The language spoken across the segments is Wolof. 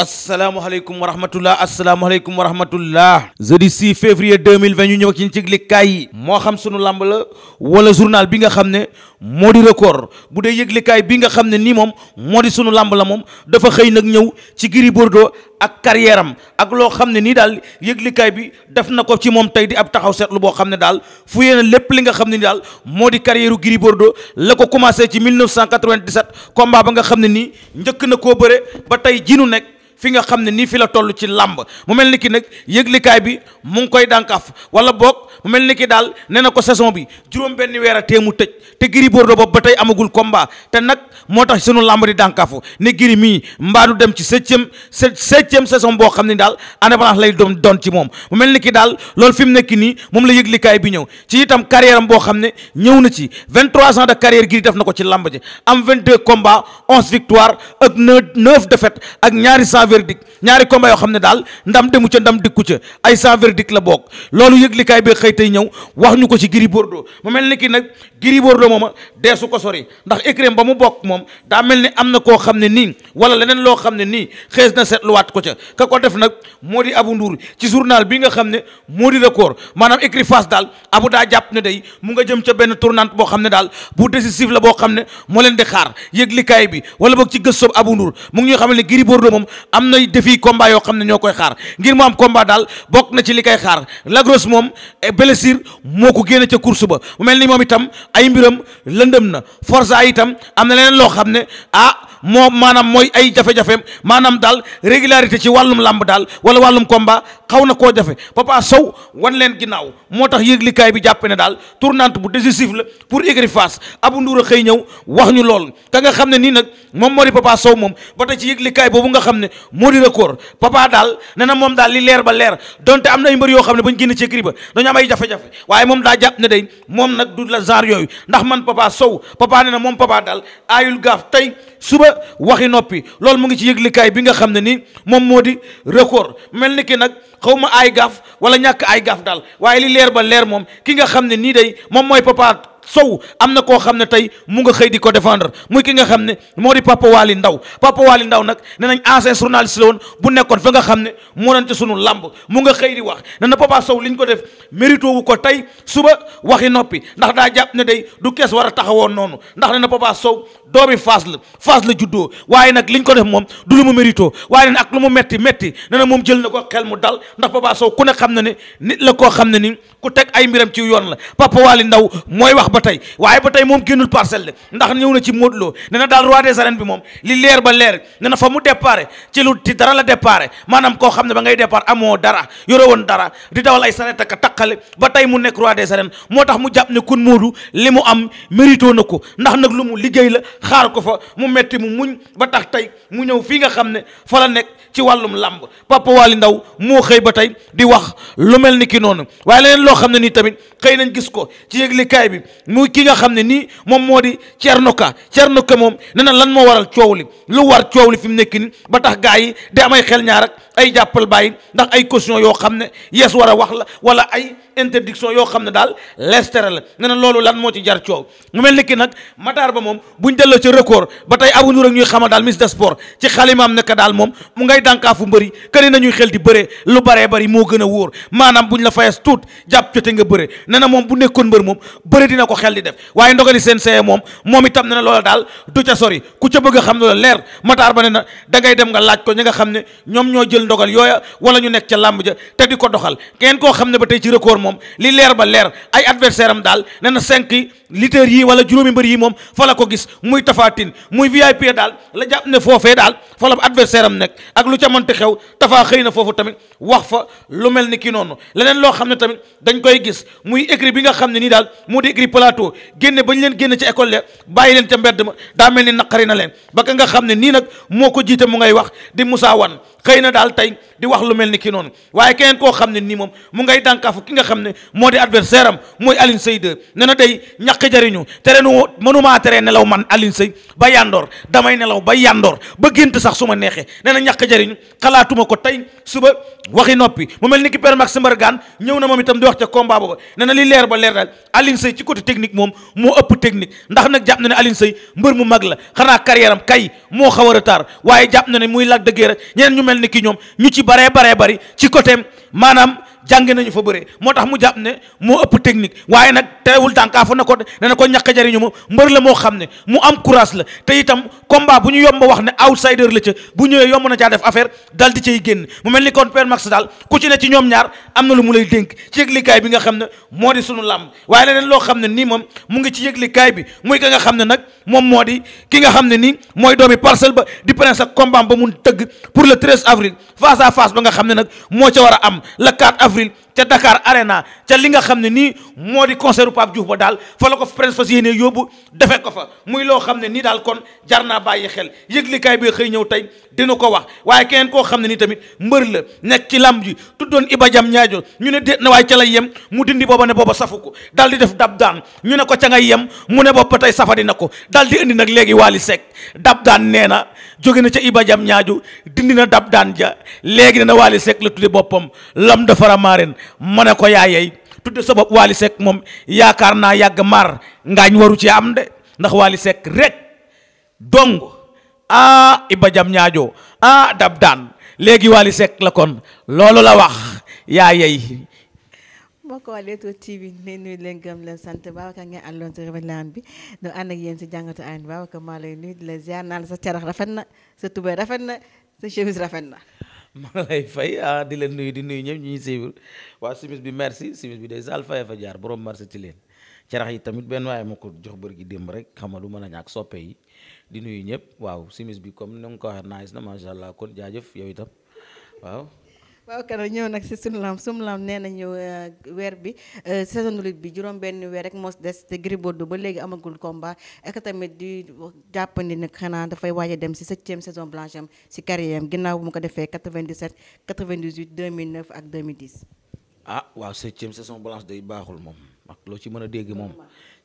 asalaamaaleykum wa rahmatullah asalaamaaleykum wa rahmatullah jeudi 6 février 2020 ñu ñëw ak yéen ci yëglekaay yi moo xam sunu làmb la wala journal bi nga xam ne moo di record bu dee yëglekaay bi nga xam ne nii moom moo di sunu làmb la moom dafa xëy nag ñëw ci Gris Bordeaux ak carrière am ak loo xam ne nii daal yëglikaay bi def na ko ci moom tey di ab taxaw seetlu boo xam ne daal fu yéene lépp li nga xam ne ni daal moo di carrière u Gris Bordeaux la ko commencé ci 1997 combat ba nga xam ne nii njëkk na koo bëre ba tey jinu nekk fi nga xam ne nii fi la toll ci làmb mu mel ni ki nag yëglikaay bi mu ngi koy dànkaaf wala boog mu mel ni ki daal nee na ko saison bi juróom benn weer a teemu tëj te Gris Bordeaux boobu ba tey amagul combat te nag moo tax sunu làmb di dànkaafu ne Gris mii mbaadu dem ci septième septième saison boo xam ne daal ba indépendance lay doon doon ci moom mu mel ni ki daal loolu fi mu nekk nii moom la yëglikaay bi ñëw ci itam carrière am boo xam ne ñëw na ci vingt-trois ans de carrière Gris def na ko ci làmb ji am vingt-deux combats onze victoires verdict ñaari combat yoo xam ne daal ndam demu ca ndam dikku ca ay sans verdict la bokk loolu yëglikaay bi xëy tey ñëw wax ñu ko ci Gris Bordeaux mu mel ni ki nag Gris Bordeaux mooma deesu ko sori ndax écrém ba mu bokk moom daa mel ni am na koo xam ne nii wala leneen loo xam ne nii xees na seetluwaat ko ca ka ko def nag moo di abu Ndour ci journal bi nga xam ne moo di record maanaam écrit daal abu daa jàpp ne day mu nga jëm ca benn tournante boo xam ne daal bu décisif boo xam ne moo leen di xaar yëglikaay bi wala boog ci gëstoob Abou Ndour mu ngi am na défi combat yoo xam ne ñoo koy xaar ngir mu am daal bokk na ci li koy xaar lagros moom eh, blessure moo ko génne ca course ba mu mel ni moom itam ay mbiram lëndam na forza itam am na leneen loo xam ne ah moom maanaam mooy ay jafe-jafeem maanaam daal régularité ci wàllum làmb daal wala wàllum komba xaw na koo jafe Papa Sow wan leen ginnaaw moo tax yëglikaay bi jàppe ne daal tournante bu décisif la pour écurie Fass Abou Ndour a xëy ñëw wax ñu lool ka nga xam ne nii nag moom moo di Papa Sow moom ba tey ci yëglikaay boobu nga xam ne moo di record Papa daal ne na moom daal li leer ba leer donte am na ay yoo xam ne bañ génn ci écurie ba dañu am ay jafe waaye moom daa jàpp ne day moom nag du la genre yooyu ndax man Papa Sow Papa ne moom Papa daal aayul gaaf tey suba waxi noppi loolu mu ngi ci yëglikaay bi nga xam ne nii moom moo di record mel ni ki nag xaw ma ay gaaf wala ñàkk aay gaaf daal waaye li leer ba leer moom ki nga xam ne nii day moom mooy papat sow am na koo xam ne tey mu nga xëy di ko défendre muy ki nga xam ne moo di Papa Waly Ndaw Papa Waly Ndaw nag ne nañ ancien journaliste la woon bu nekkoon fa nga xam ne moo doon ci sunu làmb mu nga xëy di wax ne na Papa Sow li ñu ko def mérito wu ko tey suba waxi noppi ndax daa jàpp ne day du kees war a taxawoon noonu ndax ne na Papa Sow doomi Fass la Fass la juddoo waaye nag li ñu ko def moom du lu mu mérito waaye nag ak lu mu metti metti ne na moom jël na ko xel mu dal ndax Papa Sow ku ne xam ne ne nit la koo xam ne ni ku teg ay mbiram ci yoon la Papa Waly Ndaw mooy wax ba tey waaye ba tey moom génnul parcelle de ndax ñëw na ci Modou Lo ne na daal roi des arènes bi moom li leer ba leer ne na fa mu départ ci lu ci dara la départ maanaam koo xam ne ba ngay départ amoo dara yore woon dara di dawal ay saret ak takkale ba tey mu nekk roi des arènes moo tax mu jàpp ne kun Modou li mu am mérito na ko ndax nag lu mu liggéey la xaar ko fa mu metti mu muñ ba tax tey mu ñëw fii nga xam ne fa la nekk ci wàllum làmb Papa Waly Ndaw moo xëy ba tey di wax lu mel ni ki noonu waaye leneen loo xam ne nii tamit xëy nañ gis ko ci yëglikaay bi mu ki nga xam ne nii moom moo di Thierno Ka Thierno Ka moom nee lan moo waral coow li lu war coow li fi mu nekk nii ba tax gaa yi di amay xel ñaar ak ay jàppal bàyyi ndax ay caution yoo xam ne yees war a wax la wala ay interdiction yoo xam ne daal lees tere la ne na loolu lan moo ci jar coow mu mel ni nag Matar Ba moom buñ delloo ci record ba tey Abou Ndour ak ñuy xamal daal ministre des sports ci xalimaam nekk daal moom mu ngay dànkaafu mbëri këri nañuy xel di bëre lu baree bari moo gën a wóor maanaam buñ la fayes tuut jàpp jote nga bëre ne na moom bu nekkoon mbër moom bëre dina ko xel di def waaye ndogali seen saye moom moom itam ne loola daal du a da ngay dem nga laaj ko ñi nga xam ne moom li leer ba leer ay adversaire am daal nee na cinq lutteurs yi wala juróomi mbër yi moom fa la ko gis muy tafaatin muy VIP daal la jàpp ne foofee daal fa la adversaire am nekk ak lu ca mënti xew tafaa xëy na foofu tamit wax fa lu mel ni kii noonu leneen loo xam ne tamit dañ koy gis muy écrit bi nga xam ne nii daal mu di écrit plateau génne ba ñu leen génne ci école le bàyyi leen ca mbedd ma daa mel ni naqari na leen ba ka nga xam ne nii nag moo ko jiite mu ngay wax di Moussa Wane xëy na daal tey di wax lu mel ni ki noonu waaye keneen koo xam ne nii moom mu ngay dànkaafu ki nga xam ne moo di adversaire am mooy Alioune Seye 2 ne na day ñàkk jariñu tere nu mënumaa tere nelaw man Alioune Seye ba yandoor damay nelaw ba yandoor ba gént sax su ma neexee ne na ñàkk jariñu xalaatuma ko tey suba waxi noppi mu mel ni ki père Max Mbargane ñëw na moom itam di wax ca combat booba nee na li leer ba leer daal Alioune Seye ci côté technique moom moo ëpp technique ndax nag jàpp na ne Alioune mbër mu mag la xanaa carrière am kay moo xaw a retard waaye jàpp na ne muy lag de Guiers rek ñeneen ñu mel ni ki ñoom ñu ci baree baree bari ci côté maanaam jànge nañu fa bëre moo tax mu jàpp ne moo ëpp technique waaye nag teewul tànkaafu na ko dana ko ñàkk jariñu ma mbër la moo xam ne mu am courage la te itam combat bu ñu yomb wax ne outsider la ca bu ñëwee yomb na caa def affaire dal di cay génn mu mel ni kon Père Max daal ku ci ne ci ñoom ñaar am na lu mu lay dénk ci yëglikaay bi nga xam ne moo di sunu làmb waaye leneen loo xam ne nii moom mu ngi ci yëglikaay bi muy ka nga xam ne nag moom moo di ki nga xam ne nii mooy doomi parcelle ba di prince ak combat ba mun pour le 13 avril face à face ba nga xam ne nag moo ca war am le avril avril ca Dakar Arena ca li nga xam ne nii moo di concert Pape Diouf ba daal fa la ko Prince fas yéene yóbbu defe ko fa muy loo xam ne nii daal kon jar naa bàyyi xel yëglikaay bi xëy ñëw tey dina ko wax waaye keneen koo xam ne nii tamit mbër la nekk ci làmb ji tuddoon Iba Jam ñaajo ñu ne déet na waaye ca lay yem mu dindi booba ne booba safu ko daal di def dab daan ñu ne ko ca ngay yem mu ne boobu ba tey safadi na ko dal di indi nag léegi Wally Seck dab daan nee na jóge na ca Iba ñaajo dindi na dab daan ja léegi na Wally Seck la boppam lam dafa ma ne ko yaayey tudde sa bopp Wally Seck moom yaakaar naa yàgg mar ngaañ waru ci am de ndax Wally sekk rek dong ah Iba jam ñaajoo ah dab daan léegi Wally sekk la kon loolu la wax yaayey moo ko waa Leewtoo TV ne nuyu leen gëm leen sant Babacar ngeen àndoon si revue de bi ñu ànd ak yéen si jàngatu arène Babacar maa lay nuyu di la ziar naan sa carax rafet na sa tubéy rafet na sa chemise rafet na ma lay fay ah di leen nuyu di nuyu ñëpp ñu ngi suivre waa simis bi merci simis bi day saal fay fa jaar borom merci ci leen carax yi tamit benn waaye ma ko jox bër gi démb rek xam ma du mën a ñàkk soppe yi di nuyu ñëpp waaw simis bi comme ni nga ko waxee nice na macha allah ko jaajëf yow itam waaw. waaw kan ñëw nag si sunu lam sunu lam nee nañu euh, weer bi euh, saison de lutte bi juróom-benn weer rek moo des te Gris Bordeaux ba léegi amagul combat ak tamit di jàppandi nag xanaa dafay waaj a dem si septième saison blanche am si carrière am ginnaaw bu mu ko defee 97 98 2009 ak 2010. ah waaw septième saison blanche day baaxul moom ak loo ci mën a dégg moom.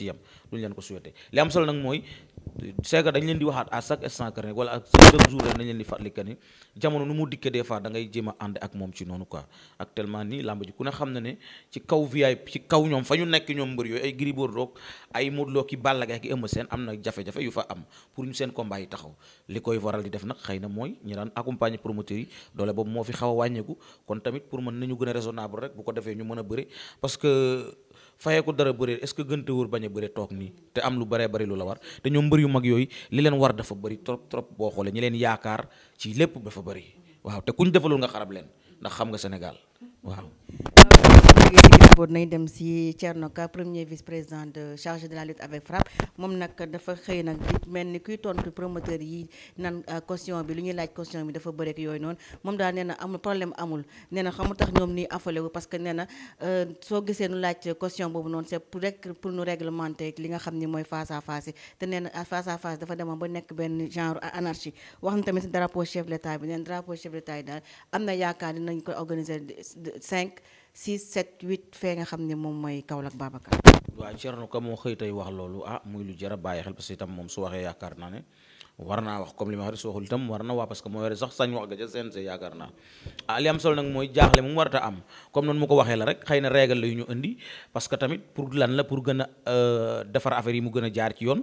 ci yem duñ leen ko souhaité li am solo nag mooy c'est dañ leen di waxaat à chaque instant que ne jamono nu mu dikkee des fois da ngay a ànd ak moom ci noonu quoi actuellement nii làmb ku ne xam na ne ci kaw VIP ci kaw ñoom fa ñu nekk ñoom mbër yooyu ay Gris Bordeaux ay Modou Lo ki Balla Gaye ki Eumeu am na jafe-jafe yu fa am pour ñu seen combat yi taxaw li koy waral di def nag xëy na mooy ñi daan accompagner promoteurs yi doole boobu moo fi xaw a fayeeku dara bëri est-ce que gënte wóor bañ a bëri toog nii te am lu bëree bëri lu la war te ñoom mbër yu mag yooyu li leen war dafa bëri trop trop boo xoolee ñi leen yaakaar ci lépp dafa bëri waaw te ku ñu defalul nga xarab leen ndax xam nga Sénégal waaw boobu dem si Thierno Ka premier vice président de chargé de la lutte avec frappe moom nag dafa xëy nag mel ni kuy tontu promoteur yi nan euh, caution bi lu ñuy laaj caution bi dafa bëreek yooyu noonu moom daal nee na amul problème amul nee na xamul tax ñoom ni affolé wu parce que nee na euh, soo gisee nu laaj caution boobu noonu c'est pour rek pour nu réglementer li nga xam ni mooy face à face yi te nee na face à face dafa demoon ba nekk benn genre anarchie wax na tamit si drapeau chef de l'état bi nee na drapeau na yaakaar dinañ ko organiser cinq 6 7 8 fee nga xam ne moom may kaw mooy Kaolack Babacar. waaw Thierno Ka moo xëy tey wax loolu ah muy lu jar bàyyi xel parce que itam moom su waxee yaakaar naa ne war naa wax comme li ma wax war na waa parce que moo yore sax sañ wax ga ca CNG yaakaar naa ah li am solo nag mooy jaaxle mu warata am comme noonu mu ko waxee la rek xay na régal la yu ñu indi parce que tamit pour lan la pour gën a euh, defar affaire yi mu gën a jaar ci yoon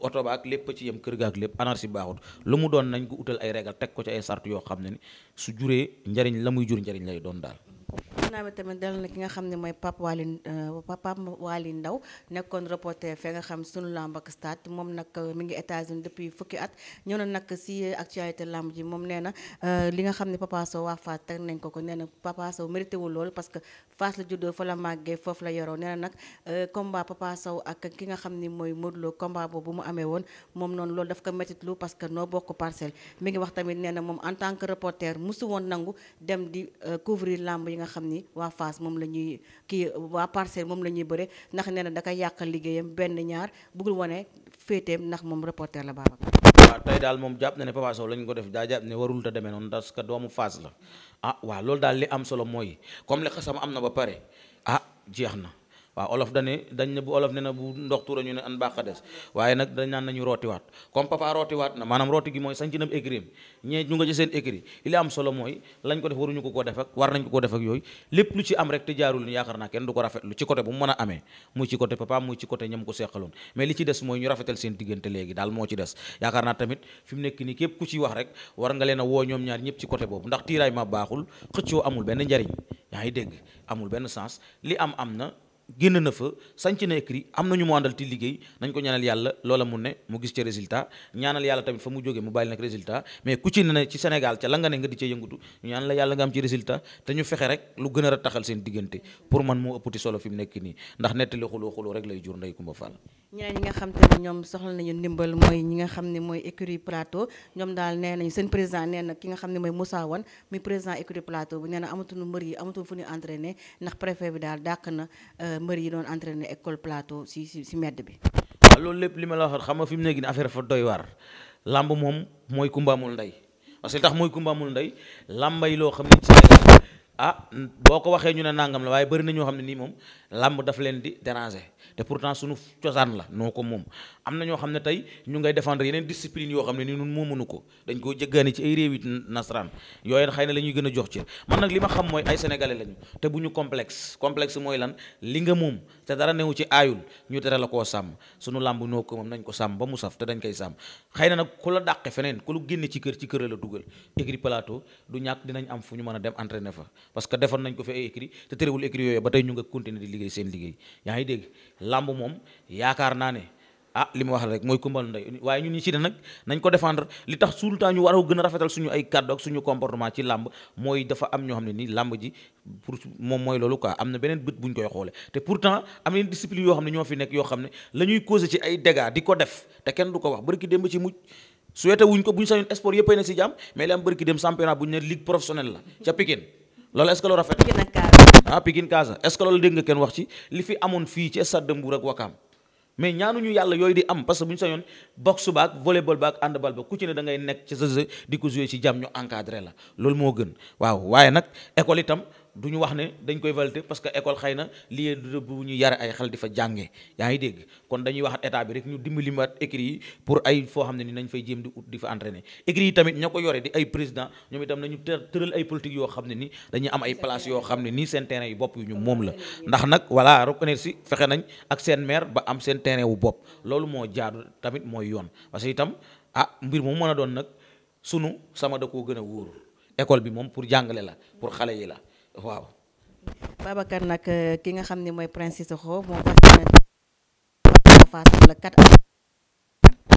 oto ba ak lépp ci yem kër ga ak lépp anarchie baaxut lu mu doon nañ ko utal ay régal teg ko ci ay sart yoo xam ne ni su juree njariñ la muy jur njariñ lay doon daal naa bi tamit dal na ki nga xam ne mooy Pape li nga xam ne Papa Sow waa Fass teg nañ ko ko nee na Papa Sow mérité wu loolu parce la juddoo fa la màggee foofu la yoroo nee na nag euh, combat Papa ak ki nga xam ne mooy Modou Lo combat boobu mu amee woon moom noonu loolu daf ko métitlu parce que noo bokk parcelle mi ngi wax tamit nee moom en que reporter musu woon nangu dem di euh, couvrir lamb yi nga xam ni ni waa Fass moom la ñuy kii waa Parcelles moom la ñuy bëre ndax nee na da koy yàqal liggéeyam benn ñaar bëggul wane féeteem ndax moom reporter la Babacar. waaw tey daal moom jàpp na ne Papa Sow lañ ko def daa jàpp ne warul ta demee noonu parce que doomu faas la ah waaw loolu daal li am solo mooy comme li xasam am na ba pare ah jeex na. waaw olof da ne dañ ne bu olof ne na bu ndox tuura ñu ne an baax a des maanaam rooti gi mooy sañ ci nam écrim am solo mooy lañ ko def waruñu ko ko def war nañ ko ko def ak lépp lu ci am rek te jaarul yaakaar naa kenn du ko rafetlu ci côté bu mu mën a amee muy ci côté papa muy ci côté ñam ko seqaloon mais li ci des mooy ñu rafetal seen diggante léegi daal moo ci des yaakaar naa tamit fi mu nekk nii képp ku ci wax rek war nga a woo ñoom ñaar ñëpp ci côté boobu ndax tiiraay ma baaxul xëccoo amul benn njariñ yaa ngi dégg amul benn sens li am am na génn na fa sanc na écrit am nañu mu àndal ti liggéey nañ ko ñaanal yàlla loola mu ne mu gis ca résultat ñaanal yàlla tamit fa mu jógee mu nag résultat mais ku ci ne ci Sénégal ca la nga di ca yëngutu ñu yàlla nga am ci résultat te ñu fexe rek lu gën a seen diggante pour man moo ëppati solo fi nekk nii ndax nettali xuloo xuloo rek lay jur ndey Kumba Fall ñeneen ñi nga xam te ne ñoom soxla nañu ndimbal mooy ñi nga xam ne mooy mbër yi doon entraîné école plateau si si si medd bi. waaw loolu lépp li ma la wax xam nga fi mu nekk nii affaire fa doy waar làmb moom mooy kumba amul ndey parce que tax mooy kumba amul ndey làmbay loo xam ne ah boo ko waxee ñu ne nangam la waaye bëri na ñoo xam ne nii moom làmb daf leen di déranger te pourtant suñu cosaan la noo ko moom am na ñoo xam ne tey ñu ngay défendre yeneen discipline yoo xam ne ni nun moomuñu ko dañ koo jëggaani ci ay réew it nasaraan yooyu xëy na la ñuy gën a jox cër man nag li ma xam mooy ay sénégalais lañu te bu ñu complexe complexe mooy lan li nga moom te dara newu ci aayul ñu tera la koo sàmm suñu làmb noo ko moom nañ ko sàmm ba mu saf te dañ koy sàmm xëy na nag ku la dàqe feneen ku lu génne ci kër ci kër la dugal écrit plateau du ñàkk a dem entraîner fa parce liggéey seen liggéey yaa ngi dégg làmb moom yaakaar naa ne ah li ma wax rek mooy kumbal ndey waaye ñun ñi ci de nag nañ ko défendre li tax suul temps ñu war a gën a rafetal suñu ay kàddu ak suñu comportement ci làmb mooy dafa am ñoo xam ne ni làmb ji pour moom mooy loolu quoi am na beneen bët buñ koy xoole te pourtant am na discipline yoo xam ne ñoo fi nekk yoo xam ne la ñuy causé ci ay dégâts di ko def te kenn du ko wax bari ki démb ci mujj souhaité si jàmm mais dem championnat buñ ah Pikine Casa est ce que loolu dégg nga kenn wax ci li fi amoon fii ci stade de Mbour ak Wakaam mais ñaanuñu yàlla yooyu di am parce que bu ñu sañoon boxe baak volleyball baak handball ba ku ci ne da nekk ci sa di ko ci jàmm ñu encadré la loolu moo gën waaw waaye nag école itam du ñu wax ne dañ koy valider parce que école xay na lieu bu ñu yare ay xel di fa jàngee yaa ngi dégg kon dañuy wax état bi rek ñu dimbali mat écrit yi pour ay foo xam ne ni fay jéem di ut di fa entraîner écrit yi tamit ña ko yore di ay président ñoom itam nañu tëral ay politique yoo xam ne ni dañu am ay place yoo xam ne nii seen terrain yu bopp yu ñu moom la ndax nag voilà Rock Énergie fexe nañ ak seen maire ba am seen terrain wu bopp loolu moo jaadu tamit mooy yoon parce que itam ah mbir mu mën a doon nag sunu sama da koo gën a wóoru école bi moom pour jàngale la pour xale yi la waaw. Babacar nag euh, ki nga xam ne mooy Prince Sissoko moo fas yéene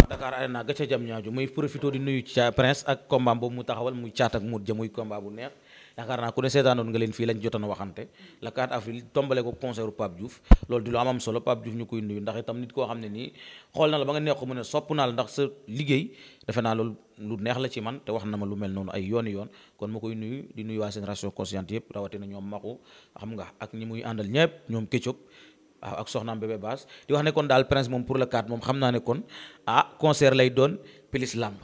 Dakar a ga ca jam ñaaju muy profité di nuyu ca Prince ak combat boobu mu taxawal muy caat ak mu jëm muy bu neex. yaakaar naa ku ne seetaanoon nga leen fii lañ jotoon waxante le 4 avril tombale ko concert Pape Diouf loolu di lu am am solo Pape Diouf ñu koy nuyu ndax itam nit koo xam ne nii xool na la ba nga neex mu ne sopp naa la ndax sa liggéey defe naa loolu lu neex la ci man te wax na ma lu mel noonu ay yoon yoon kon ma koy nuyu di nuyu waa génération consciente yëpp rawatina ñoom maxu xam nga ak ñi muy àndal ñëpp ñoom Kécop waaw ak soxnaam bébé baas di wax ne kon daal prince moom pour le 4 moom xam naa kon ah concert lay doon pilis làmb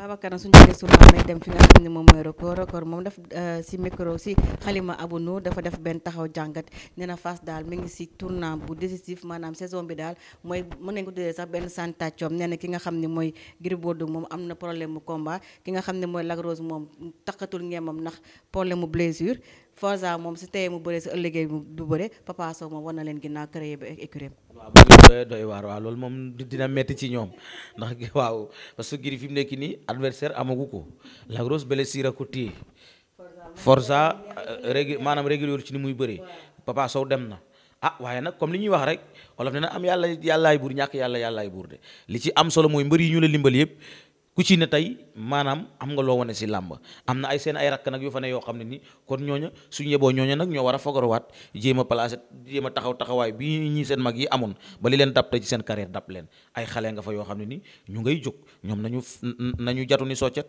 Babacar suñu jógee su Mame dem fi nga xam ne moom mooy record record moom daf euh, si micro si xalima Abou Nour dafa def benn taxaw jàngat nee na Fass daal mi ngi si tournant bu décisif maanaam saison bi daal mooy mën nañ ko tuddee sax benn santacom nee na ki nga xam ne mooy Gris moom am na problème mu combat ki nga xam ne mooy Lac Rose moom taqatul ngeemam ndax problème mu blessure Forza moom si tey mu bëree si ëllëgee du bëre Papa Sow na leen ginnaaw créé ba écurie waaw bu doy doy waar waaw loolu moom dina metti ci ñoom ndax waaw parce que Gris fi mu nekk nii adversaire amagu ko la grosse blessure a ko téye Forza euh, régul maanaam régulier ci ni muy bëri Papa Sow dem na ah waaye nag comme li ñuy wax rek wolof ne na am yàlla yàllaay buur ñàkk yàlla yàllaay buur de li ci am solo mooy mbër yi ñu la limbal yëpp ku ci ne tey maanaam am nga loo wane si làmb am na ay seen ay rakk nag yu fa ne yoo xam ne nii kon ñooña suñu yeboo ñooña nag ñoo war a fagaruwaat jéem a placé a taxaw taxawaay bi ñi seen mag yi amoon ba li leen dab tey seen carrière dab leen ay xale nga fa yoo xam ne nii ñu ngay jóg ñoom nañu nañu jatu ni soccet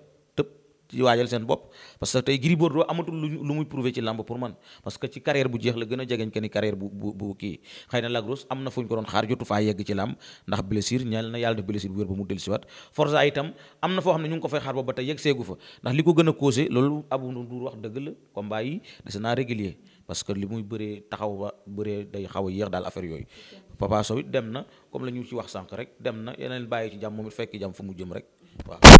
ci waajal seen bopp parce que tey Gris Bordeaux amatul lu muy prouver ci làmb pour man parce que ci carrière bu jeex la gën a jegeñ ke ni carrière bu bu bu kii xëy na Lac Rose am na fu ñu ko doon xaar jotu faa yegg ci làmb ndax blessure ñal na yàlla def blessure bu wér ba mu dellusiwaat Forza itam am na foo xam ne ñu ngi ko fay xaar ba ba tey yegg seegu fa ndax li ko gën a causé loolu Abou Ndour wax dëgg la combat yi des naa régulier parce que li muy bëree taxaw ba bëree day xaw yéex daal affaire yooyu Papa Sow it na comme la ñu ci wax sànq rek dem na yeneen bàyyi jàmm moom it fekk mu jëm rek waaw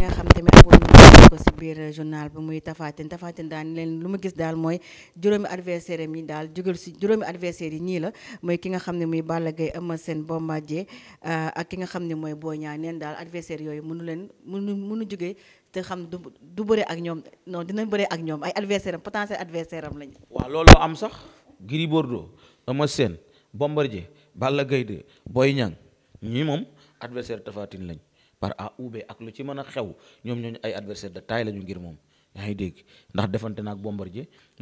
nga xam tamit amoon na ko si muy Tapha Tine Tapha leen lu ma gis daal mooy juróomi adversaire am yi daal jógal si juróomi adversaire yi ñii la mooy ki nga xam ne muy Balla Gaye Eumeu Sène Bombardier euh, ak ki nga xam ne mooy Boy Niang neen daal adversaire yooyu mënu leen mënu mënu jógee te xam du du ak ñoom non dina bëre ak ñoom ay adversaire am potentiel adversaire am lañu. waaw looloo am sax Gris Bordeaux Eumeu Sène Bombardier Balla Gaye de Boy Niang moom adversaire Tapha Tine lañ par A ou ak lu ci mën a xew ñoom ñooñu ay adversaire de taille la ñu ngir moom yaa ngi dégg ndax defante naag moo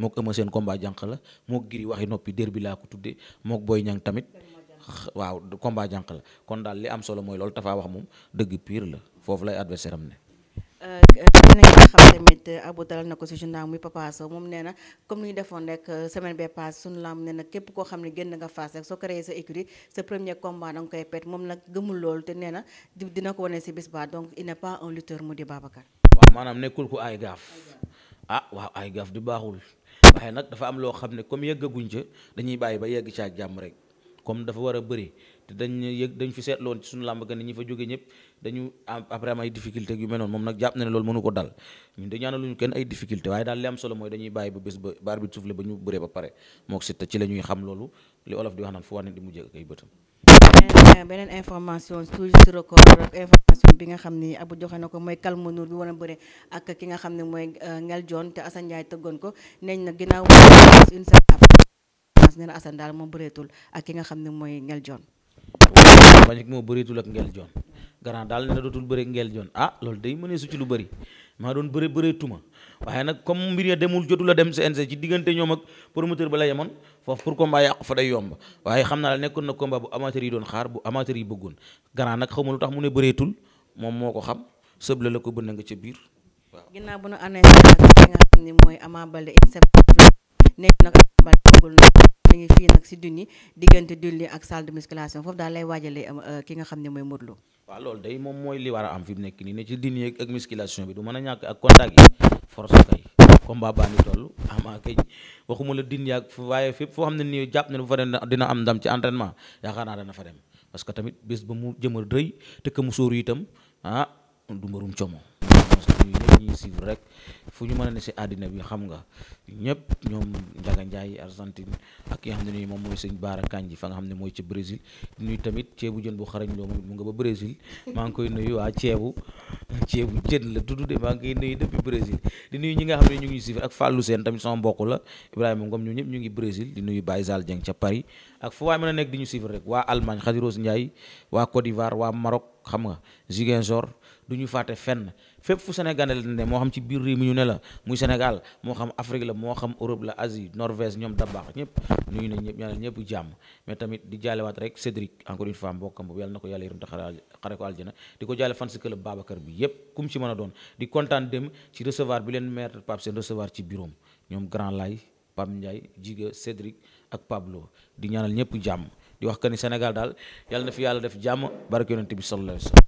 mook Eumeu seen combat jànq la moo mook Gris waxi noppi dér bi laa ko tuddee mook Boy Niang tamit waaw combat jànq la kon daal li am solo mooy loolu Tapha wax moom dëgg piir la foofu lay adversaire am ne euh, leneen nga ko moom nee na comme ni ñu defoon rek euh, semaine bee paase suñu lamb nee nga Fass rek soo créé sa écurie sa premier combat da nga koy pet dina ko wane si bis ba donc il n'est pas un lutteur mu di Babacar. waaw maanaam nekkul ku ay gaaf ah waaw ay gaaf di baaxul waaye nag dafa am loo xam ne comme yeggaguñ ca dañuy bàyyi ba yegg ca ak jàmm rek comme dafa war a bëri te dañ yëg dañ fi seetloon ci suñu làmb gën ñi fa jóge ñëpp dañu après am ay difficulté yu mel noonu moom nag jàpp na ne loolu mënu ko dal ñun de ñaanaluñu kenn ay difficulté waaye daal li am solo mooy dañuy bàyyi ba bés ba ba arbitre souffle ba ñu bëree ba pare mook Siteu ci la ñuy xam loolu li olof di wax naan fu war ne beneen information toujours sur record bi nga xam ni abu joxe na ko mooy kal kalmanur bi war a bëre ak ki nga xam ne mooy euh, ngel joon te Assane Ndiaye tëggoon ko neen na ginnaaw une semaine nee na Assane daal moom bëreetul ak ki nga xam ne mooy ngel joon bañ ak moo bëreetul ak ngel joon grand daal ne na dootul bëre ngel joon ah loolu day mënee su ci lu bëri maa doon bëre bëreetuma waaye nag comme mbir ya demul jotul a dem CNG ci diggante ñoom ak promoteur ba la yemoon foofu pour combat yàqu fa day yomb waaye xam naa la nekkoon na combat bu amateur yi doon xaar bu amateur yi bëggoon grand nag xaw ma lu nag mi fii nag si duni diggante duni ak salle de musculation foofu daal lay waajalee euh, euh, ki nga xam ne mooy Modou Lo waaw loolu day moom mooy li war a am fi mu nekk nii ne ci duni ak musculation bi du mën a ñàkk ak contact yi force kay combat baa ngi toll ama kay waxuma la duni ak waaye fépp foo xam ne nii jàpp ne bu fa dina am ndam ci entraînement yaakaar naa dana fa dem parce que tamit bés ba mu jëmal rëy te ka mu sóoru itam ah du mbarum como parce que ñu ñëpp rek fu ñu mën a ne si àddina bi xam nga ñëpp ñoom Ndiaga Ndiaye Argentine ak ki nga xam ne nii moom mooy sëñ Baara Kanji fa nga xam ne mooy ca Brésil nuyu tamit ceebu jën bu xarañ loo mu nga ba Brésil maa ngi koy nuyu waa ceebu ceebu jën la tudd de maa ngi koy nuyu di nuyu ñi nga xam ne ñu ngi suivre ak Fallou Sène tamit sama mbokk la Ibrahima Ngom ñu ñëpp ñu ngi Brésil di nuyu Baye Zal Dieng ca Paris ak fu waay mën a nekk di ñu suivre rek waa Allemagne Khadiros Ndiaye waa Côte d'Ivoire waa Maroc xam nga Ziguinchor du ñu fàtte fenn fépp fu Sénégal ne moo xam ci biir réew mi ñu ne la muy Sénégal moo xam Afrique la moo xam Europe la Asie Norvège ñoom dabaax ñëpp nuyu nañ ñëpp ñaanal ñëpp jàmm mais tamit di jaalewaat rek Cédric encore une fois mbokkam boobu yàlla na ko yàlla yërëm te xare ko aljana di ko jaale fan si club Babacar bi yëpp kum ci mën a doon di kontaan dem ci recevoir bi leen maire Pape Sène recevoir ci bureau ñoom Grand Lay Pape Ndiaye Jiga Cédric ak Pablo di ñaanal ñëpp jàmm di wax que ni Sénégal daal yàlla na yàlla def jàmm barke yonent bi sallallahu alayhi wa